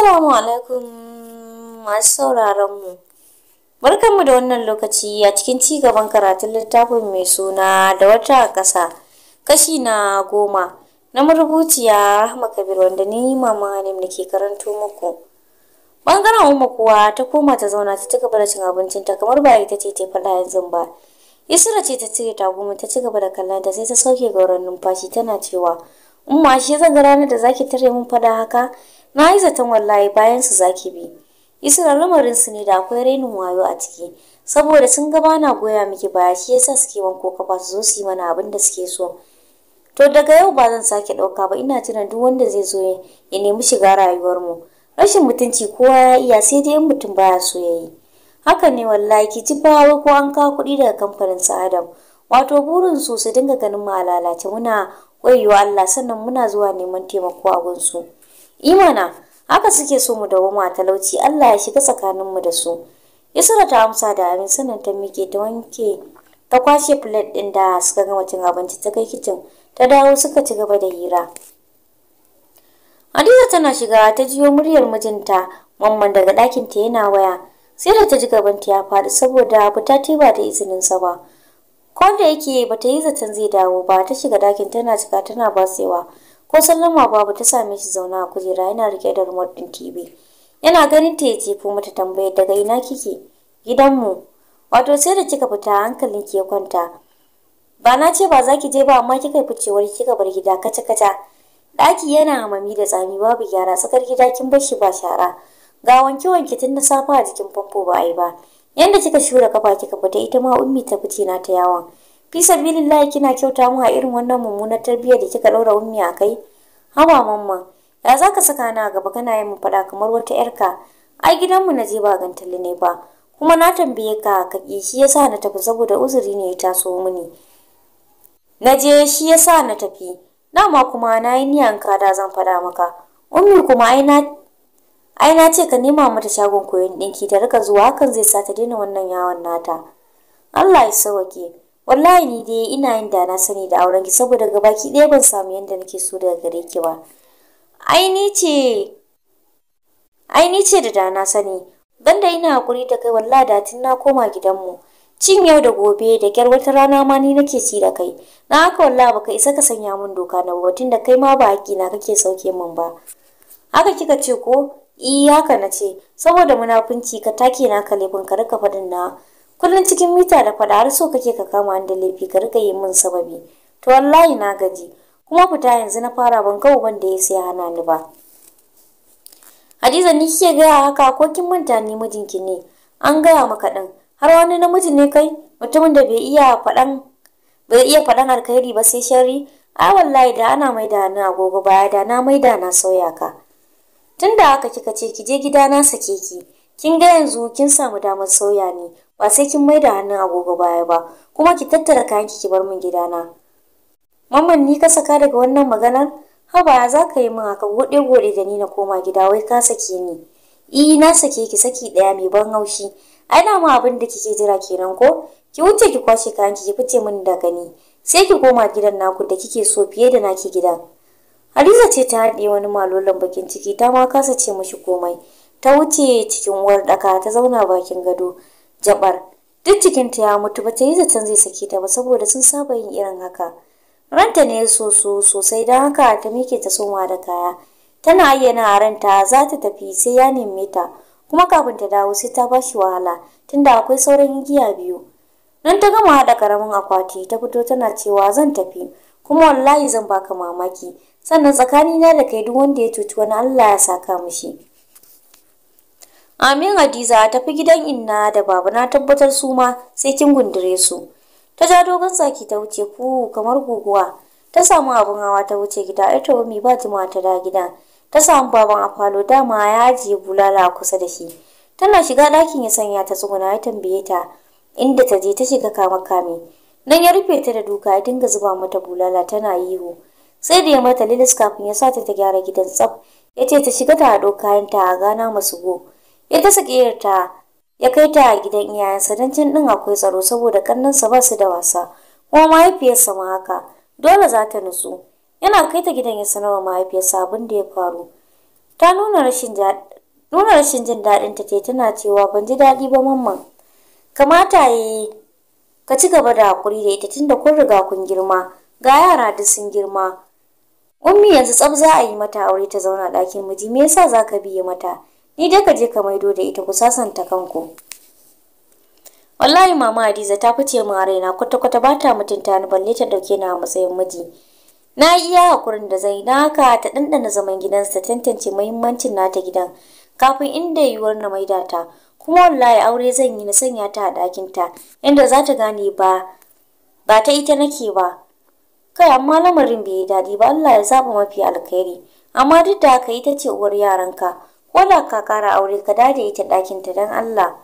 Assalamu alaikum masu sauraron mu. Barkanmu da wannan lokaci a cikin ci gaban karatun littafin mai suna da wata ƙasa kashi na goma na marubuciya Rahma Kabir wanda ni mama ne ke karanto muku. Bangaren Umma kuwa ta koma ta zauna ta cigaba gaba da cin abincinta kamar ba ita ce ta faɗa yanzu ba. Isra ce ta cire tagumin ta cigaba da kallon ta sai ta sauke gauran numfashi tana cewa Umma shi zan ga ranar da zaki tare mun fada haka? Na yi zaton wallahi bayan su zaki bi. Isra lamarin su ne da akwai rainin wayo a ciki. Saboda sun ga bana goya miki baya shi yasa suke wanko kafa su zo su yi mana abin da suke so. To daga yau ba zan sake ɗauka ba ina tunan duk wanda zai zo ya nemi shiga mu Rashin mutunci kowa ya iya sai dai in mutum baya so ya yi. Haka ne wallahi ki ji bawa ko an kawo kuɗi daga kamfanin su Adam. Wato burin su su dinga ganin mu a lalace muna wayewa Allah sannan muna zuwa neman taimako a gunsu imana haka suke so mu dawoma a talauci Allah ya shiga tsakaninmu da su Isra ta amsa da amin sannan ta miƙe ta wanke ta kwashe plate ɗin da suka gama cin abinci ta kai kicin ta dawo suka ci gaba da hira Hadiza tana shiga ta jiyo muryar mijinta mamman daga ɗakinta yana waya sai da ta ji gabanta ya faɗi saboda fita ta ba da izinin sa ba Kwanda da yake ta yi zaton zai dawo ba ta shiga dakin tana cika tana batsewa ko sallama babu ta same shi zauna a kujera yana rike da remote din TV yana ganin ta yace mu mata tambayar daga ina kike gidanmu wato sai da kika fita hankalin ki ya kwanta ba na ce ba za ki je ba amma kika ficewar kika bar gida kaca kaca daki yana mami da tsami babu gyara tsakar gida kin bar shi ba shara ga wanke wanke tun da safa a jikin famfo ba ai ba yanda kika shura kafa kika fita ita ma ummi ta fice na ta yawon fi sabilillahi kina kyauta mu a irin wannan mummunar tarbiyyar da kika daura ummi a kai hawa mamma ya zaka saka na gaba kana yin mu fada kamar wata yarka ai gidanmu na je ba gantalle ne ba kuma na tambaye ka ka shi yasa na tafi saboda uzuri ne ya taso mini na je shi yasa na tafi dama kuma na yi niyan kada zan fada maka ummi kuma ai na ai na ce ka nema mata shagon koyon dinki ta rika zuwa hakan zai sa ta daina wannan yawon nata Allah ya sauke wallahi ni dai ina yin da na sani da auren ki saboda gabaki ɗaya ban samu yanda nake so daga gare ki ba ai ni ce ai ni ce da dana sani banda ina hakuri da kai wallahi da tun na koma gidanmu cin yau da gobe da kyar wata rana ma ni nake ci da kai na haka wallahi baka isa ka sanya mun doka na ba tunda da kai ma ba hakina na kake sauke mun ba haka kika ce ko i eh, haka na ce saboda munafunci ka take na ka laifin ka rika faɗin na kullum cikin mita da faɗa har so kake ka kama da laifi ka rika yi min sababi to wallahi na gaji kuma fita yanzu na fara ban ga uban ya sai hana ni ba Hadiza ni ke gaya haka ko kin manta ni mijinki ne an gaya maka ɗin har wani namiji ne kai mutumin da bai iya faɗan bai iya faɗan alkhairi ba sai shari ai wallahi da ana maida ni agogo baya da na maida na sauya ka tun da haka kika ce ki je gida na sake ki kin ga yanzu kin samu damar sauya ne ba sai kin maida hannun agogo baya ba kuma ki tattara kayan ki ki bar min gidana mamman ni ka saka daga wannan maganar haba za ka yi min haka gode gode da ni na koma gida wai ka sake ni i na sake ki saki daya mai ban haushi ai na ma abin da kike jira kenan ko ki wuce ki kwashe kayan ki ki fice min daga ni sai ki koma gidan naku da kike so fiye da naki gidan Hadiza ce ta haɗe wani malolin bakin ciki ta ma kasa ce mashi komai. Ta wuce cikin daka ta zauna bakin gado jabar. Duk cikinta ya mutu ba ta yi zaton zai sake ta ba saboda sun saba yin irin haka. Ranta ne so so sosai don haka ta mike ta soma da kaya. Tana ayyana a ranta za ta tafi sai ya neme ta kuma kafin ta dawo sai ta bashi wahala tunda akwai sauran giya biyu. Nan ta gama haɗa ƙaramin akwati ta fito tana cewa zan tafi. kuma wallahi zan baka mamaki sannan tsakanina da kai duk wanda ya cuci wani Allah ya saka mishi Amin Hadiza tafi gidan inna da baba na tabbatar su ma sai kin gundure su ta ja dogon saki ta wuce ku kamar guguwa ta samu abun hawa ta wuce gida ita mi ba jimawa ta da gida ta samu baban afalo dama ya ajiye bulala kusa da shi tana shiga ɗakin ya sanya ta tsuguna ya tambaye ta inda ta je ta shiga kama kame Nan ya rufe ta da duka ya dinga zuba mata bulala tana yiwo. Sai da ya mata lilis kafin ya sata ta gyara gidan tsaf. Ya ce ta shiga ta haɗo kayanta a gana masu go. Ya ta ta ya kai ta a gidan iyayensa don can ɗin akwai tsaro saboda ƙannansa ba su da wasa. Kuma mahaifiyarsa ma haka. Dole za ta nutsu. Yana kai ta gidan ya sanarwa mahaifiyarsa abin da ya faru. Ta nuna rashin nuna rashin jin daɗin ta tana cewa ban ji daɗi ba mamman kamata ya yi ka ci gaba da hakuri da ita tunda kun riga kun girma ga yara duk sun girma ummi yanzu tsaf za a yi mata aure ta zauna ɗakin miji me yasa za ka biye mata ni dai ka je ka maido da ita ku sasanta kanku wallahi mama Hadiza ta fice min a raina kwata-kwata ba ta mutunta ni balle ta dauke ni a matsayin miji na yi iya hakurin da zai na haka ta dandana zaman gidansa tantance muhimmancin nata gidan kafin inda yiwuwar na maida ta kuma wallahi aure zan yi na sanya ta a ɗakinta inda za ta gane ba ba ta ita nake ba kai amma lamarin bai yi daɗi ba Allah ya zaba mafi alkhairi amma duk da haka ita ce uwar yaranka ko da ka ƙara aure ka dade ita ɗakinta dan Allah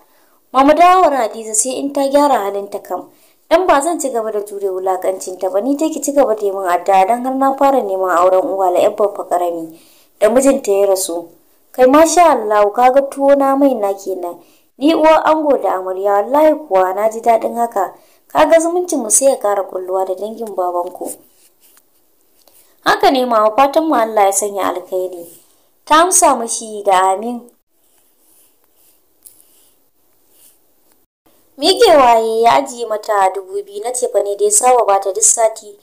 mama dawowar Hadiza sai in ta gyara halinta kam dan ba zan ci gaba da jure wulakancin ba ni ki ci gaba da yin addu'a dan har na fara neman auren uwa la yabba fa karami da mijinta ya rasu kai masha Allah kaga tuwo na mai na kenan ni uwar ango da amarya wallahi kuwa na ji dadin haka kaga zumuncin mu sai ya kara kulluwa da dangin babanku haka ne ma fatan mu Allah ya sanya alkhairi ta amsa shi da amin Mike waye ya ajiye mata dubu biyu na cefa ne da ya saba ta duk sati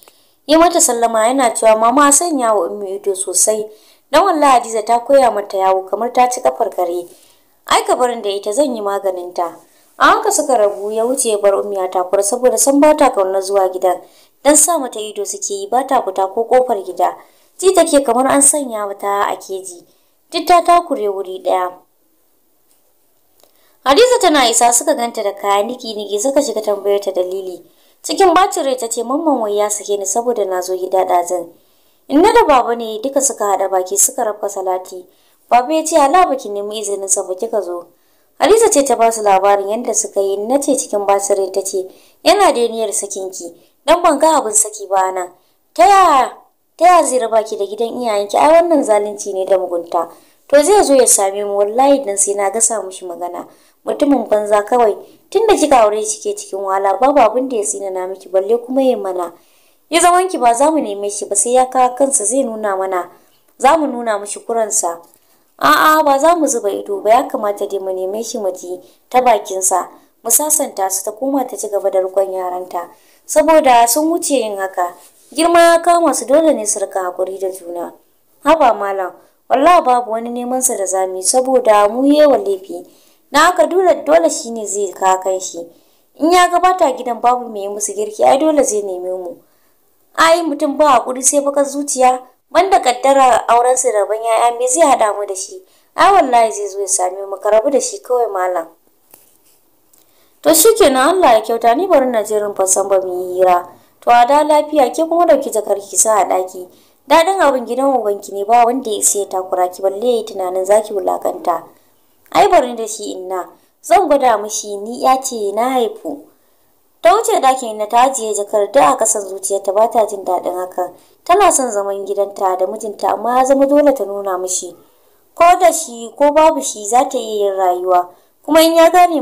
ya mata sallama yana cewa mama sanya wa ummi ido sosai don Allah Hadiza ta koya mata yawo kamar ta ci kafar kare ai kabarin da ita zan yi maganin ta a haka suka rabu ya wuce ya bar ummiya takura saboda san ba ta kauna zuwa gidan dan sa mata ido suke yi ba ta kuta ko kofar gida ji take kamar an sanya mata a keji duk ta takure wuri daya Hadiza tana isa suka ganta da kaya niki-niki suka shiga tambayar ta dalili. Cikin bacin rai ta ce mamman wai ya sake ni saboda na zo gida ɗazin. Inna da baba ne duka suka hada baki suka rafka salati. Baba ya ce ala baki nemi izinin sa ba kika zo. Hadiza ce ta basu labarin yadda suka yi na ce cikin basirin ta ce yana da niyyar sakin ki dan ban ga abin saki ba nan. Ta ya ta ya zira baki da gidan iyayenki ai wannan zalunci ne da mugunta. To zai zo ya same mu wallahi dan sai na gasa mushi magana. Mutumin banza kawai tunda kika aure shi ke cikin wala babu abin da ya tsina na miki balle kuma yayi mana. ya zaman ki ba za mu neme shi ba sai ya kawo kansa zai nuna mana za mu nuna mishi kuransa a'a ba za mu zuba ido ba ya kamata dai mu neme shi mu ji ta bakinsa mu sasanta su ta koma ta ci gaba da rikon yaranta saboda sun wuce yin haka girma ya kama su dole ne su rika hakuri da juna haba malam wallahi babu wani neman sa da zami saboda mu yewa laifi na haka dole dole shine zai kan shi in ya gabata gidan babu mai musu girki ai dole zai neme mu ai mutum ba hakuri sai baka zuciya banda kaddara auren su rabon yaya me zai hada mu da shi ai wallahi zai zo ya same mu ka rabu da shi kawai malam to shikenan Allah ya kyauta ni bari na je rumfa san ba mu hira to a da lafiya ke kuma dauki jakar ki sa a daki dadin abin gidan ubanki ne ba wanda ya sai takura ki balle yayi tunanin zaki wulakanta ai bari da shi inna zan gwada mishi ni ya ce na haifu ta wuce ɗakin na ta ajiye jakar da a ƙasan zuciyarta ba ta jin daɗin hakan tana son zaman gidanta da mijinta amma ya zama dole ta nuna mishi ko da shi ko babu shi za ta iya yin rayuwa kuma in ya gane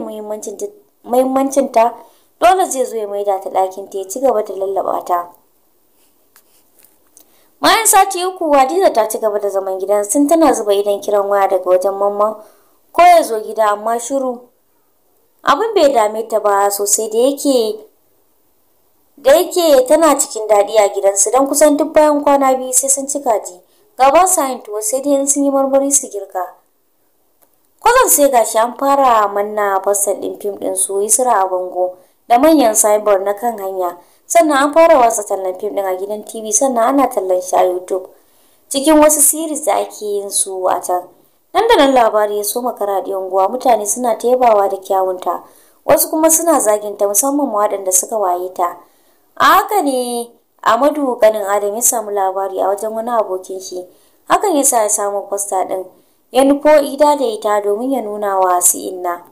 muhimmancinta dole zai zo ya maida ta ɗakin ta ya ci gaba da lallaba ta bayan sati uku hadiza ta ci gaba da zaman gidan sun tana zuba idan kiran waya daga wajen mamman ko ya zo gida amma shiru abin bai dame ta ba sosai da yake da yake tana cikin daɗi a gidansu don kusan duk bayan kwana biyu sai sun ci kaji gaba sa yin tuwo sai dai sun yi marmari su girka kwazon sai ga shi an fara manna fasal ɗin fim ɗin su yi sura a bango da manyan cyber na kan hanya sannan an fara wasa tallan fim ɗin a gidan tv sannan ana tallan shi a youtube cikin wasu series da ake yin su a can nan da nan labari ya soma karaɗe unguwa mutane suna tebawa da kyawunta wasu kuma suna zaginta musamman waɗanda suka waye ta a haka ne amadu ganin adam ya samu labari a wajen wani abokin shi hakan ya sa ya samu kwasta ɗin ya nufo ida da ita domin ya nuna wa su inna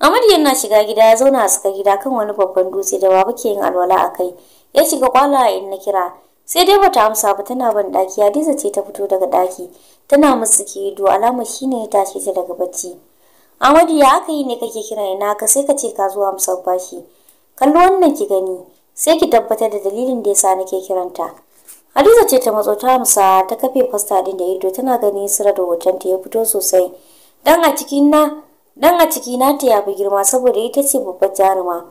amadu yana shiga gida ya zauna a tsakar gida kan wani babban dutse da baba ke yin alwala a kai ya shiga kwala in na kira sai dai bata amsa ba tana ban daki Hadiza ce ta fito daga daki tana musu ido alama shine ya ce ta daga bacci Amadu ya aka yi ne kake kira ina ka sai ka ce ka zo amsar bashi kallo wannan ki gani sai ki tabbatar da dalilin da yasa nake kiranta Hadiza ce ta matso ta amsa ta kafe fasta din da ido tana ganin sura da hoton ta ya fito sosai dan a cikin na dan a ciki na ta yafi girma saboda ita ce babbar jaruma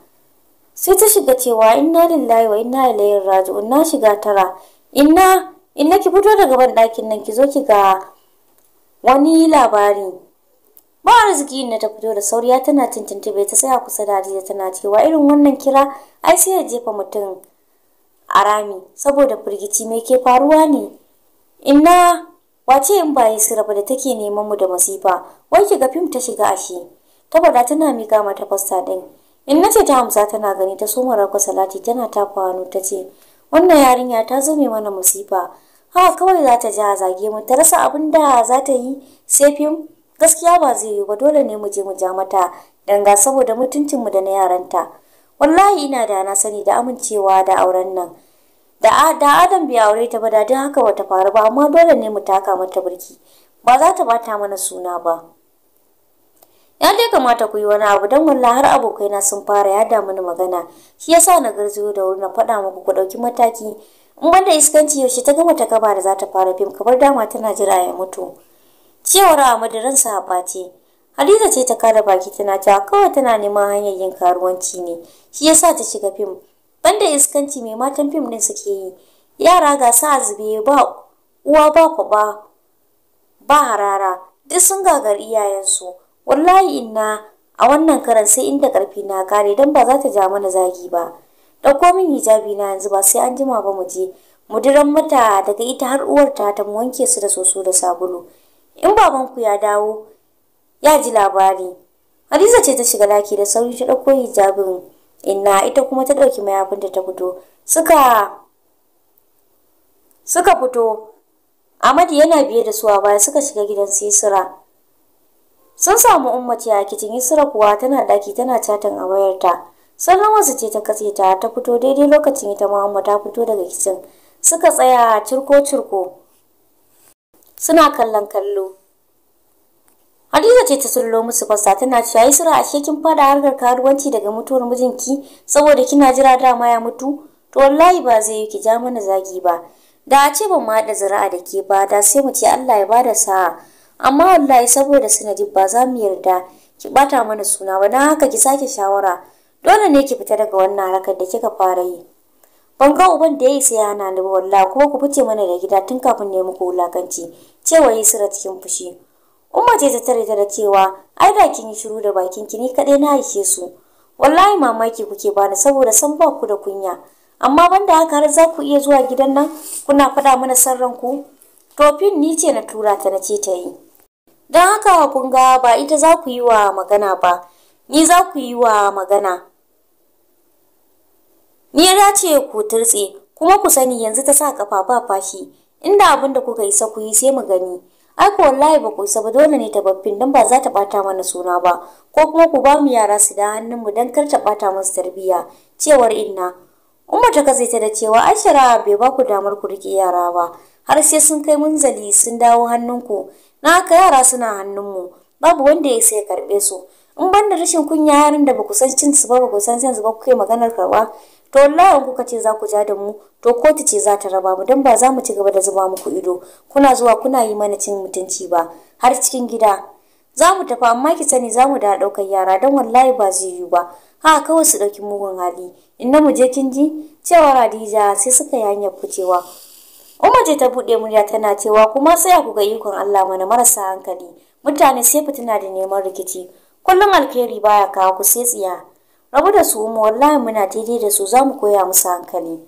sai ta shiga cewa inna lillahi wa inna ilaihi raji'un na shiga tara inna inna ki fito daga ban ɗakin nan ki zo ki ga wani labari ba arziki inna ta fito da sauri ya tana tintinti bai ta tsaya kusa da Hadiza tana cewa irin wannan kira ai sai ya jefa mutum a rami saboda firgici mai ke faruwa ne inna wace in ba su raba da take neman mu da masifa wai ki ga fim ta shiga ashe ta bada tana mika mata fasta ɗin. in na ce ta hamsa tana gani ta soma rakwa salati tana tafa hannu ta ce wannan yarinya ta zame mana musifa hawa kawai za ta ji a zage mu ta rasa abin da za ta yi sai fim gaskiya ba zai yi ba dole ne mu je mu ja mata danga saboda mutuncinmu da na yaranta wallahi ina da na sani da amincewa da auren nan da adam bai aure ta ba da haka bata faru ba amma dole ne mu taka mata birki ba za ta bata mana suna ba ya dai kamata ku yi wani abu don wallahi har abokaina sun fara ya damu ni magana shi yasa na garzayo da wuri na faɗa muku ku ɗauki mataki in banda iskanci yaushe ta gama ta gaba da za ta fara fim kamar dama tana jira ya mutu cewar Ahmadu ransa a ɓace Hadiza ce ta kada baki tana ta kawai tana neman hanyar yin karuwanci ne shi yasa ta shiga fim banda iskanci mai matan fim ɗin suke yi yara ga sa zube ba uwa ba ku ba harara duk sun gagar iyayensu wallahi inna a wannan karan sai inda karfi na kare dan ba za ta ja mana zagi ba dauko min hijabi na yanzu ba sai an jima ba mu je mu mata daga ita har uwar ta ta mu wanke su da soso da sabulu in baban ku ya dawo ya ji labari Hadiza ce ta shiga laki da sauri ta dauko hijabin inna ita kuma ta dauki mayafin ta fito suka suka fito Amadi yana biye da su a baya suka shiga gidan sisira sun samu ummati a kicin sura kuwa tana daki tana catan a wayarta sun su ce ta katse ta ta fito daidai lokacin ita ma umma ta fito daga kicin suka tsaya a cirko cirko suna kallon kallo Hadiza ce ta sullo musu fasa tana cewa Isra a kin fada harkar karuwanci daga mutuwar mijinki saboda kina jira dama ya mutu to wallahi ba zai yi ki ja mana zagi ba da a ce ban ma da zira'a da ke ba da sai mu ce Allah ya bada sa'a amma wallahi saboda sanadi ba za mu yarda ki bata mana suna ba na haka ki sake shawara dole ne ki fita daga wannan harkar da kika fara yi ban ga uban da yayi sai hana ni wallahi kuma ku fice mana da gida tun kafin ne muku wulakanci cewa yi sira cikin fushi umma ce ta tare da cewa ai da kin yi shiru da bakin ki ni kadai na aike su wallahi mamaki kuke bani saboda san ba ku da kunya amma banda haka har za ku iya zuwa gidan nan kuna faɗa mana sarranku tofin ni ce na tura ta na ce ta yi don haka kunga ga ba ita za ku yi wa magana ba ni za ku yi wa magana ni ya dace ku turtse kuma ku sani yanzu ta sa kafa ba fashi inda abin da kuka isa ku yi sai mu gani ai ko wallahi ba ku isa ba dole ne ta babbin dan ba za ta bata mana suna ba ko kuma ku ba mu yara su da hannun mu dan kar ta bata musu tarbiyya cewar inna umar ta kasance da cewa ashira bai ba ku damar ku rike yara ba har sai sun kai munzali sun dawo hannunku Na haka yara suna hannunmu, babu wanda ya sai karɓe su. In ban da rashin kunya yaran da baku san cin su ba baku san san su ba kuke maganar karwa, to wallahi kuka ce za ku ja da mu, to kotu ce za ta raba mu dan ba za mu ci gaba da zuba muku ido. Kuna zuwa kuna yi mana cin mutunci ba har cikin gida. Za mu tafi amma ki sani za mu da ɗaukar yara dan wallahi ba zai yiwu ba. ha kawai su ɗauki mugun hali inda mu je kin ji cewa Hadija sai suka yi hanyar ficewa umar je ta buɗe murya tana cewa kuma sai ku ga ikon Allah mana marasa hankali. Mutane sai fitina da neman rikici. Kullum alkhairi baya kawo ku sai tsiya. Rabu da su umu wallahi muna daidai da su zamu koya musu hankali.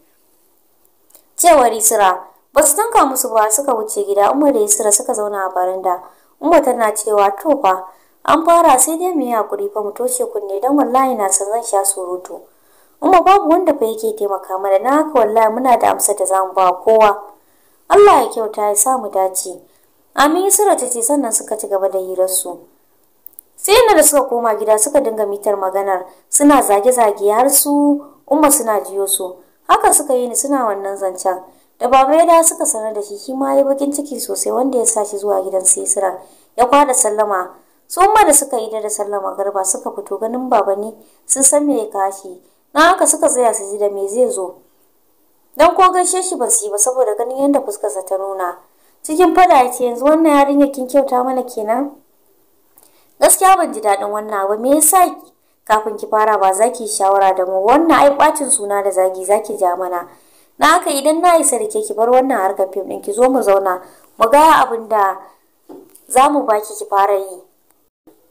Cewar Isra ba su tanka musu ba suka wuce gida umar da Isra suka zauna a baranda. umar tana cewa to fa an fara sai dai mu yi hakuri fa mu toshe kunne dan wallahi na san zan sha surutu. umar babu wanda fa yake taimaka mana na haka wallahi muna da amsa da zamu ba kowa. Allah ya kyauta ya samu dace Amin Yusra ta ce sannan suka ci gaba da hirarsu sai yana da suka koma gida suka dinga mitar maganar suna zage-zage har su umma suna jiyo su haka suka yi ni suna wannan zancen da baba ya da suka sanar da shi shi ma ya bakin ciki sosai wanda ya sa shi zuwa gidan sai Yusra ya kwada sallama su umma da suka yi da sallama garba suka fito ganin baba ne sun san me ya kashi na haka suka tsaya su ji da me zai zo dan ko gaishe shi ba su yi ba saboda ganin yadda fuskarsa ta nuna cikin fada ya ce yanzu wannan yarinya kin kyauta mana kenan gaskiya ban ji daɗin wannan ba, me yasa kafin ki fara ba za ki shawara da mu wannan ai ɓacin suna da zagi za ki ja mana na haka idan na isa da ke ki bar wannan harkar fim ɗin ki zo mu zauna mu ga abin da za mu baki ki fara yi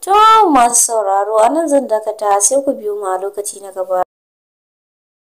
to masu sauraro a nan zan dakata sai ku biyo mu a lokaci na gaba